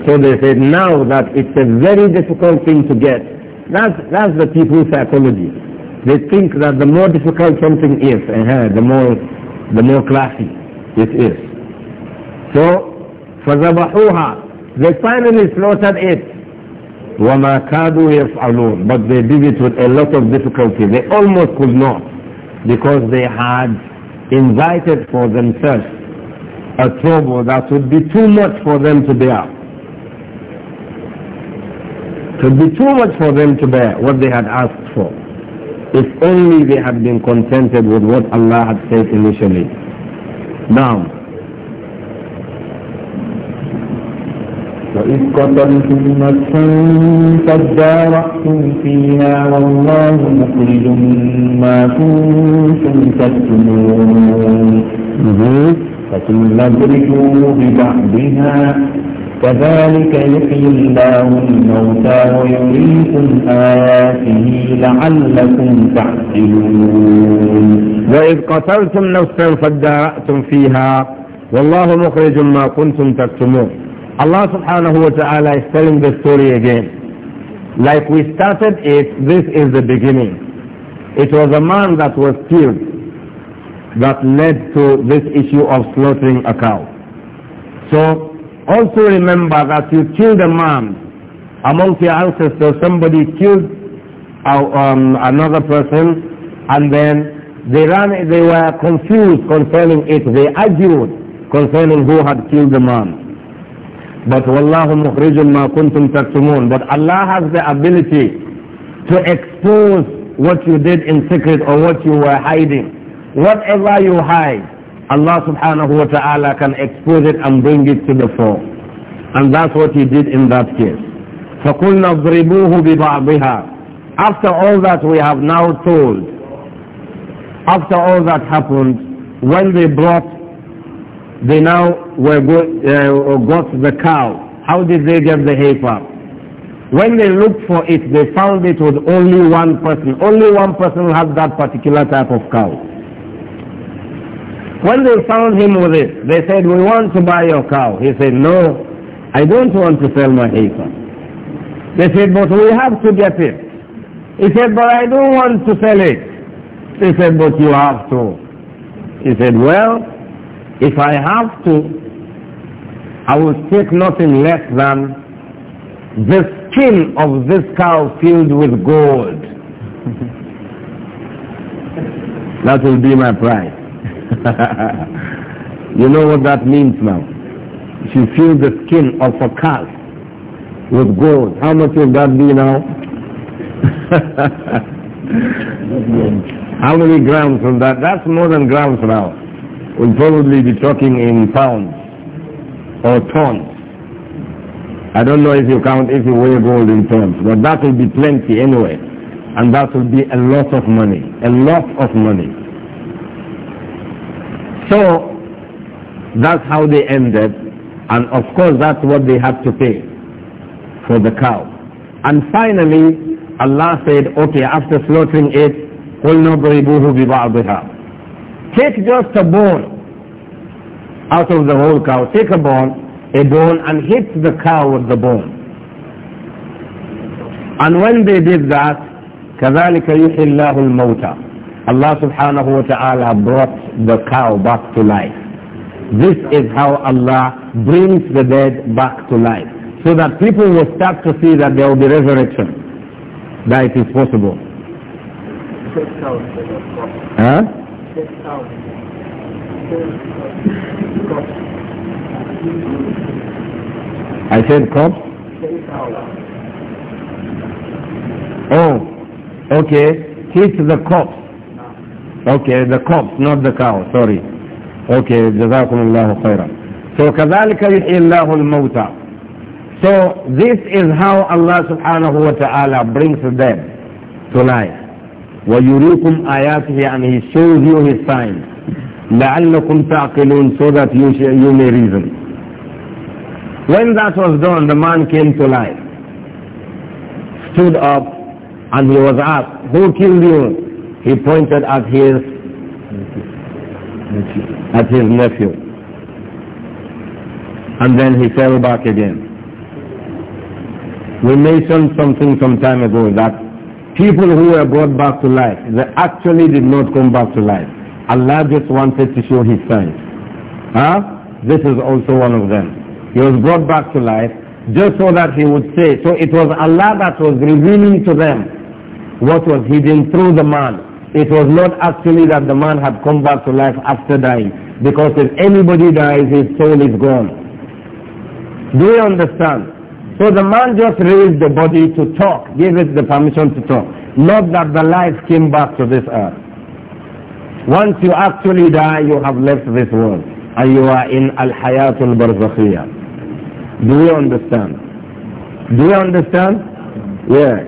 So they said now that it's a very difficult thing to get. That's, that's the people's psychology. They think that the more difficult something is, uh -huh, the more the more classy it is. So, فَذَبَحُوهَا They finally slaughtered it. وَمَا كَادُوا يَفْعَلُونَ But they did it with a lot of difficulty. They almost could not because they had invited for themselves a trouble that would be too much for them to bear. It would be too much for them to bear what they had asked for. If only they had been contented with what Allah had said initially. Now, وإذ قتلتم نفسا فادارأتم فيها والله مخرج ما كنتم تكتمون mm-hmm. ثم اضربوا ببعضها كذلك يحيي الله الموتى ويريكم آياته لعلكم تعقلون وإذ قتلتم نفسا فادارأتم فيها والله مخرج ما كنتم تكتمون Allah subhanahu wa ta'ala is telling the story again. Like we started it, this is the beginning. It was a man that was killed that led to this issue of slaughtering a cow. So also remember that you killed a man amongst your ancestors, somebody killed um, another person and then they, ran, they were confused concerning it. They argued concerning who had killed the man. But wallahu mukhrijun ma kuntum taktumun. But Allah has the ability to expose what you did in secret or what you were hiding. Whatever you hide, Allah subhanahu wa ta'ala can expose it and bring it to the fore. And that's what he did in that case. فَقُلْنَا اضْرِبُوهُ بِبَعْضِهَا After all that we have now told, after all that happened, when they brought, they now were go, uh, got the cow. How did they get the heifer? When they looked for it, they found it was only one person. Only one person had that particular type of cow. When they found him with it, they said, we want to buy your cow. He said, no, I don't want to sell my heifer. They said, but we have to get it. He said, but I don't want to sell it. They said, but you have to. He said, well, if I have to, I will take nothing less than the skin of this cow filled with gold. that will be my price. you know what that means now? She filled the skin of a calf with gold, how much will that be now? how many grams from that? That's more than grams now. We'll probably be talking in pounds or tons. I don't know if you count if you weigh gold in tons, but that will be plenty anyway. And that will be a lot of money. A lot of money. So that's how they ended. And of course that's what they had to pay for the cow. And finally, Allah said, okay, after slaughtering it, قُلْ نَضْرِبُوهُ بِبَعْضِهَا Take just a bone out of the whole cow. Take a bone, a bone, and hit the cow with the bone. And when they did that, كَذَلِكَ يُحِي اللَّهُ الْمَوْتَى Allah subhanahu wa ta'ala brought the cow back to life. This is how Allah brings the dead back to life. So that people will start to see that there will be resurrection. That it is possible. Huh? I said cops? Oh, okay. Hit the cops. Okay, the cops, not the cow, sorry. Okay, جزاكم الله خيرا. So كذلك يحيي الله الموتى. So this is how Allah subhanahu wa ta'ala brings the dead to life. ويريكم آياته and he shows you his signs. لعلكم تعقلون so that you, you may reason. When that was done, the man came to life, stood up, and he was asked, who killed you? he pointed at his at his nephew. And then he fell back again. We mentioned something some time ago that people who were brought back to life, they actually did not come back to life. Allah just wanted to show his signs. Huh? This is also one of them. He was brought back to life just so that he would say. So it was Allah that was revealing to them what was hidden through the man it was not actually that the man had come back to life after dying. Because if anybody dies, his soul is gone. Do you understand? So the man just raised the body to talk, gave it the permission to talk. Not that the life came back to this earth. Once you actually die, you have left this world. And you are in Al-Hayatul Barzakhiyah. Do you understand? Do you understand? Yes.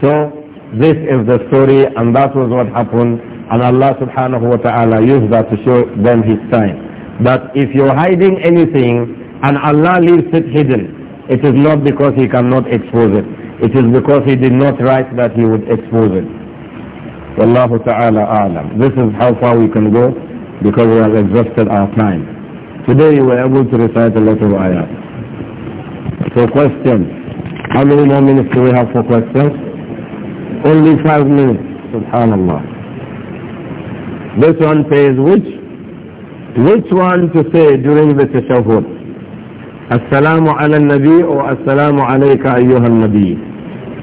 So this is the story and that was what happened and Allah subhanahu wa ta'ala used that to show them his sign. But if you're hiding anything and Allah leaves it hidden, it is not because he cannot expose it. It is because he did not write that he would expose it. Wallahu ta'ala a'lam. This is how far we can go because we have exhausted our time. Today we were able to recite a lot of ayat. So questions. How many more minutes do we have for questions? Only five minutes. Subhanallah. This one says, which, which one to say during the tashahhud? Assalamu ala nabi or assalamu alayka ayyuha nabi.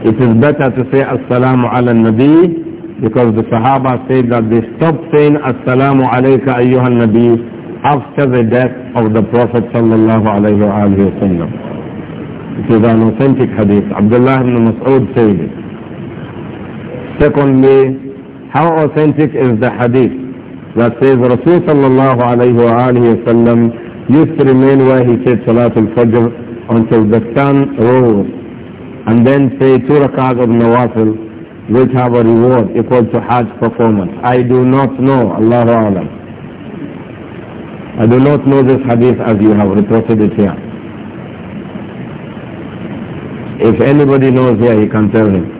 It is better to say assalamu ala nabi because the Sahaba said that they stopped saying assalamu alayka ayyuha nabi after the death of the Prophet sallallahu alayhi wa sallam. It is an authentic hadith. Abdullah ibn Mas'ud said it. Secondly, how authentic is the hadith that says Rasul sallallahu alayhi wa alihi used to remain where he said Salatul Fajr until the sun rose and then say two rak'ahs of nawafil which have a reward equal to Hajj performance. I do not know, Allahu Alam. I do not know this hadith as you have reported it here. If anybody knows here, he can tell him.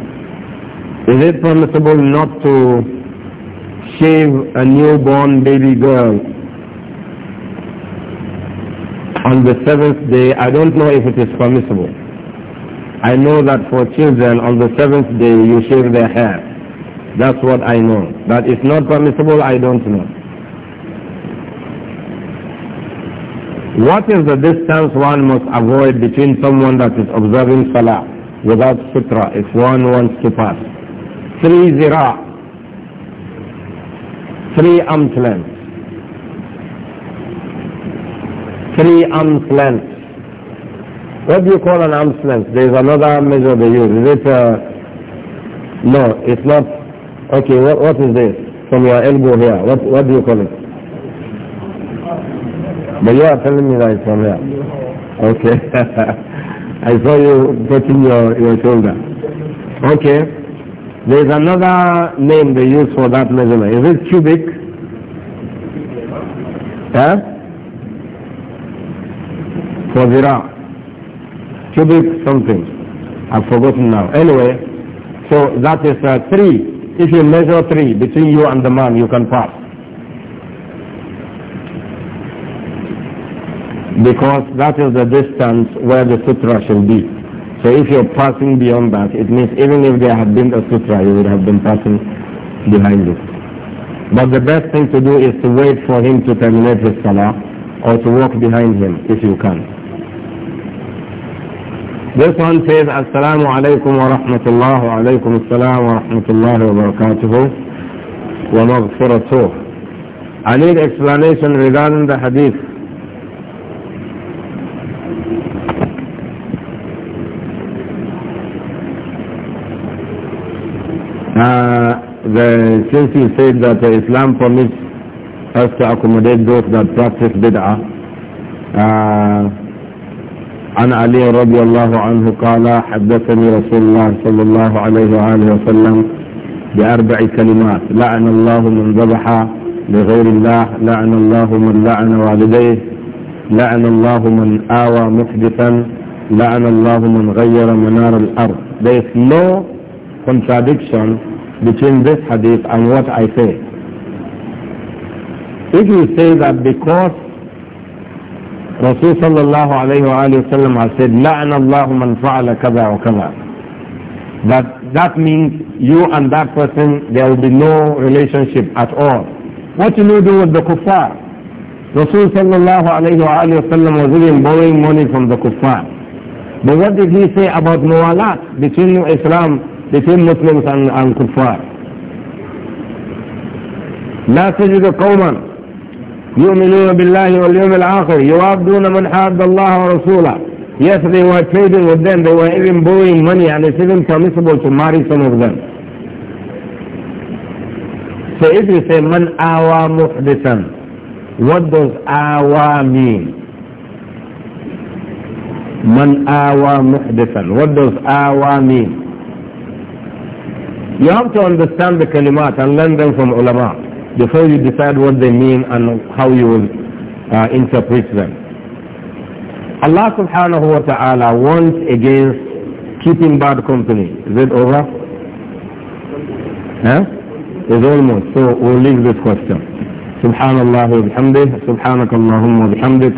Is it permissible not to shave a newborn baby girl on the seventh day? I don't know if it is permissible. I know that for children on the seventh day you shave their hair. That's what I know. But if not permissible, I don't know. What is the distance one must avoid between someone that is observing Salah without sutra if one wants to pass? three zira, three arms length. Three arms length. What do you call an arm's length? There is another measure they use. Is it, uh, no, it's not, okay, what, what is this? From your elbow here, what, what do you call it? But you are telling me that it's from here. Okay. I saw you touching your, your shoulder. Okay. There is another name they use for that measurement. Is it cubic? Yeah? For zira. Cubic something. I've forgotten now. Anyway, so that is uh, three. If you measure three between you and the man, you can pass. Because that is the distance where the sutra shall be. So if you're passing beyond that, it means even if there had been a sutra, you would have been passing behind it. But the best thing to do is to wait for him to terminate his salah or to walk behind him if you can. This one says, Assalamu alaikum wa rahmatullah wa alaikum assalam wa rahmatullahi wa barakatuhu wa maghfiratuh. I need explanation regarding the hadith آه، the since you said that Islam permits us to accommodate those that practice bid'ah, آه، عن علي رضي الله عنه قال حدثني رسول الله صلى الله عليه وآله وسلم بأربع كلمات لعن الله من ذبح لغير الله لعن الله من لعن والديه لعن الله من آوى محدثا لعن الله من غير منار الأرض There is no contradiction between this hadith and what I say. If you say that because Rasul sallallahu alayhi wa sallam has said, لَعْنَ اللَّهُ مَنْ فَعَلَ كَذَا وَكَذَا That, that means you and that person, there will be no relationship at all. What do you do with the kuffar? Rasul sallallahu alayhi wa sallam was even borrowing money from the kuffar. But what did he say about muwalat between Islam between Muslims and, and kuffar. لا تجد قوما يؤمنون بالله واليوم الآخر يوابدون من حاد الله ورسوله Yes, they were trading with them. They were even borrowing money and it's even permissible to marry some of them. So if you say, Man awa muhdisan, what does awa mean? Man awa muhdisan, what does awa mean? You have to understand the kalimat and learn them from ulama before you decide what they mean and how you will uh, interpret them. Allah subhanahu wa ta'ala warns against keeping bad company. Is it over? Huh? It's almost. So we'll leave this question. Subhanallah سبحان الله وبحمده wa bihamdik.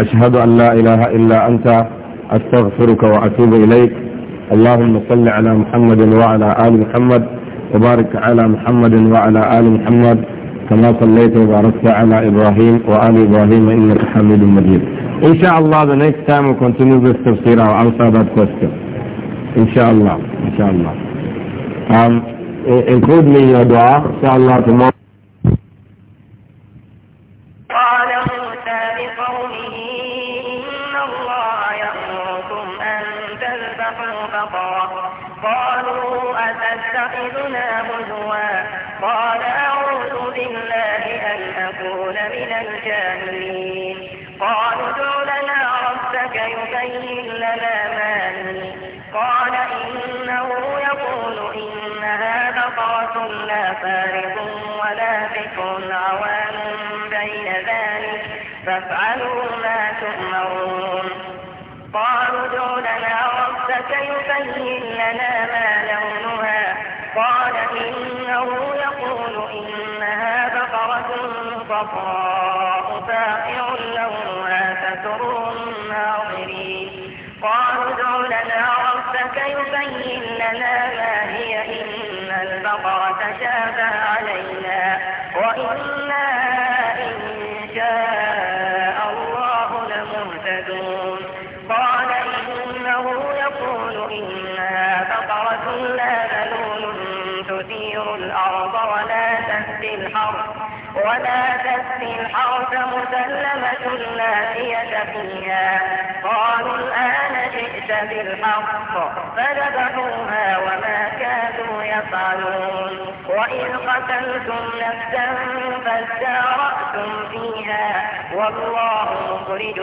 Ashhadu an أن لا illa anta astaghfiruka wa atubu ilayk. اللهم صل على محمد وعلى آل محمد وبارك على محمد وعلى آل محمد كما صليت وباركت على إبراهيم وآل إبراهيم إنك حميد مجيد إن شاء الله the next time we continue this تفسير I'll answer that question إن شاء الله إن شاء الله um, include me in your dua إن شاء الله tomorrow صفراء فاقع لونها فتر الناظرين قالوا ادع لنا ربك يبين لنا ما هي إن البقرة شابه الأرض مسلمة لا فيها قالوا الآن جئت بالحق فذبحوها وما كانوا يفعلون وإن قتلتم نفسا فاستارأتم فيها والله مخرج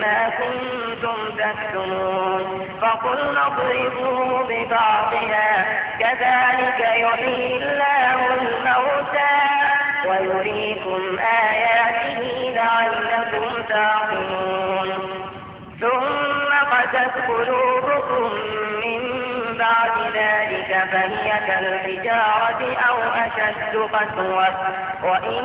ما كنتم تكتمون فقلنا اضربوه ببعضها كذلك يحيي الله الموتى ويريكم آياته لعلكم تعقلون ثم قست قلوبكم من بعد ذلك فهي كالحجارة أو أشد قسوة وإن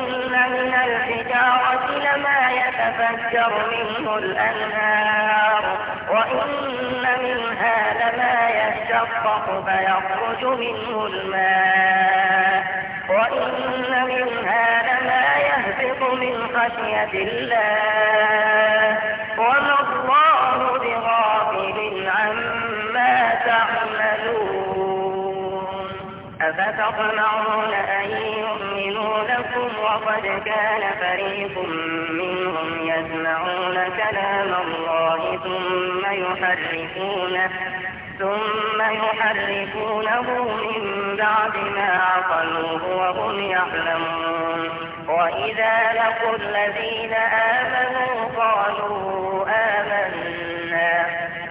من الحجارة لما يتفجر منه الأنهار وإن منها لما يشقق فيخرج منه الماء وإن منها لما يهبط من خشية الله وما الله بغافل عما تعملون أفتطمعون أن يؤمنوا لكم وقد كان فريق منهم يسمعون كلام الله ثم يحرفونه ثم يحرفونه من بعد ما عقلوه وهم يعلمون وإذا لقوا الذين آمنوا قالوا آمنا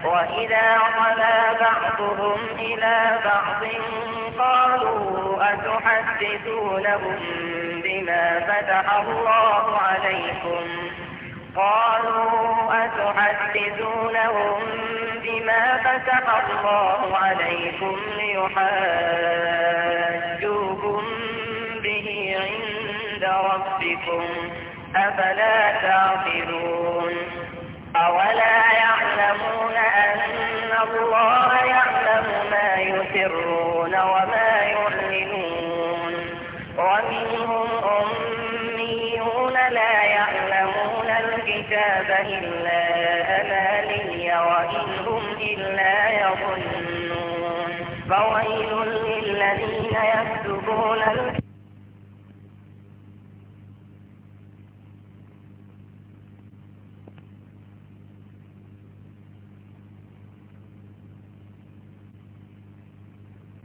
وإذا خلا بعضهم إلى بعض قالوا أتحدثونهم بما فتح الله عليكم قالوا أتحدثونهم ما فتح الله عليكم ليحاجوكم به عند ربكم أفلا تعقلون أولا يعلمون أن الله يعلم ما يسرون وما يعلنون ومنهم أميون لا يعلمون الكتاب إلا أماني وإن إلا يظنون فويل للذين يكتبون الكتاب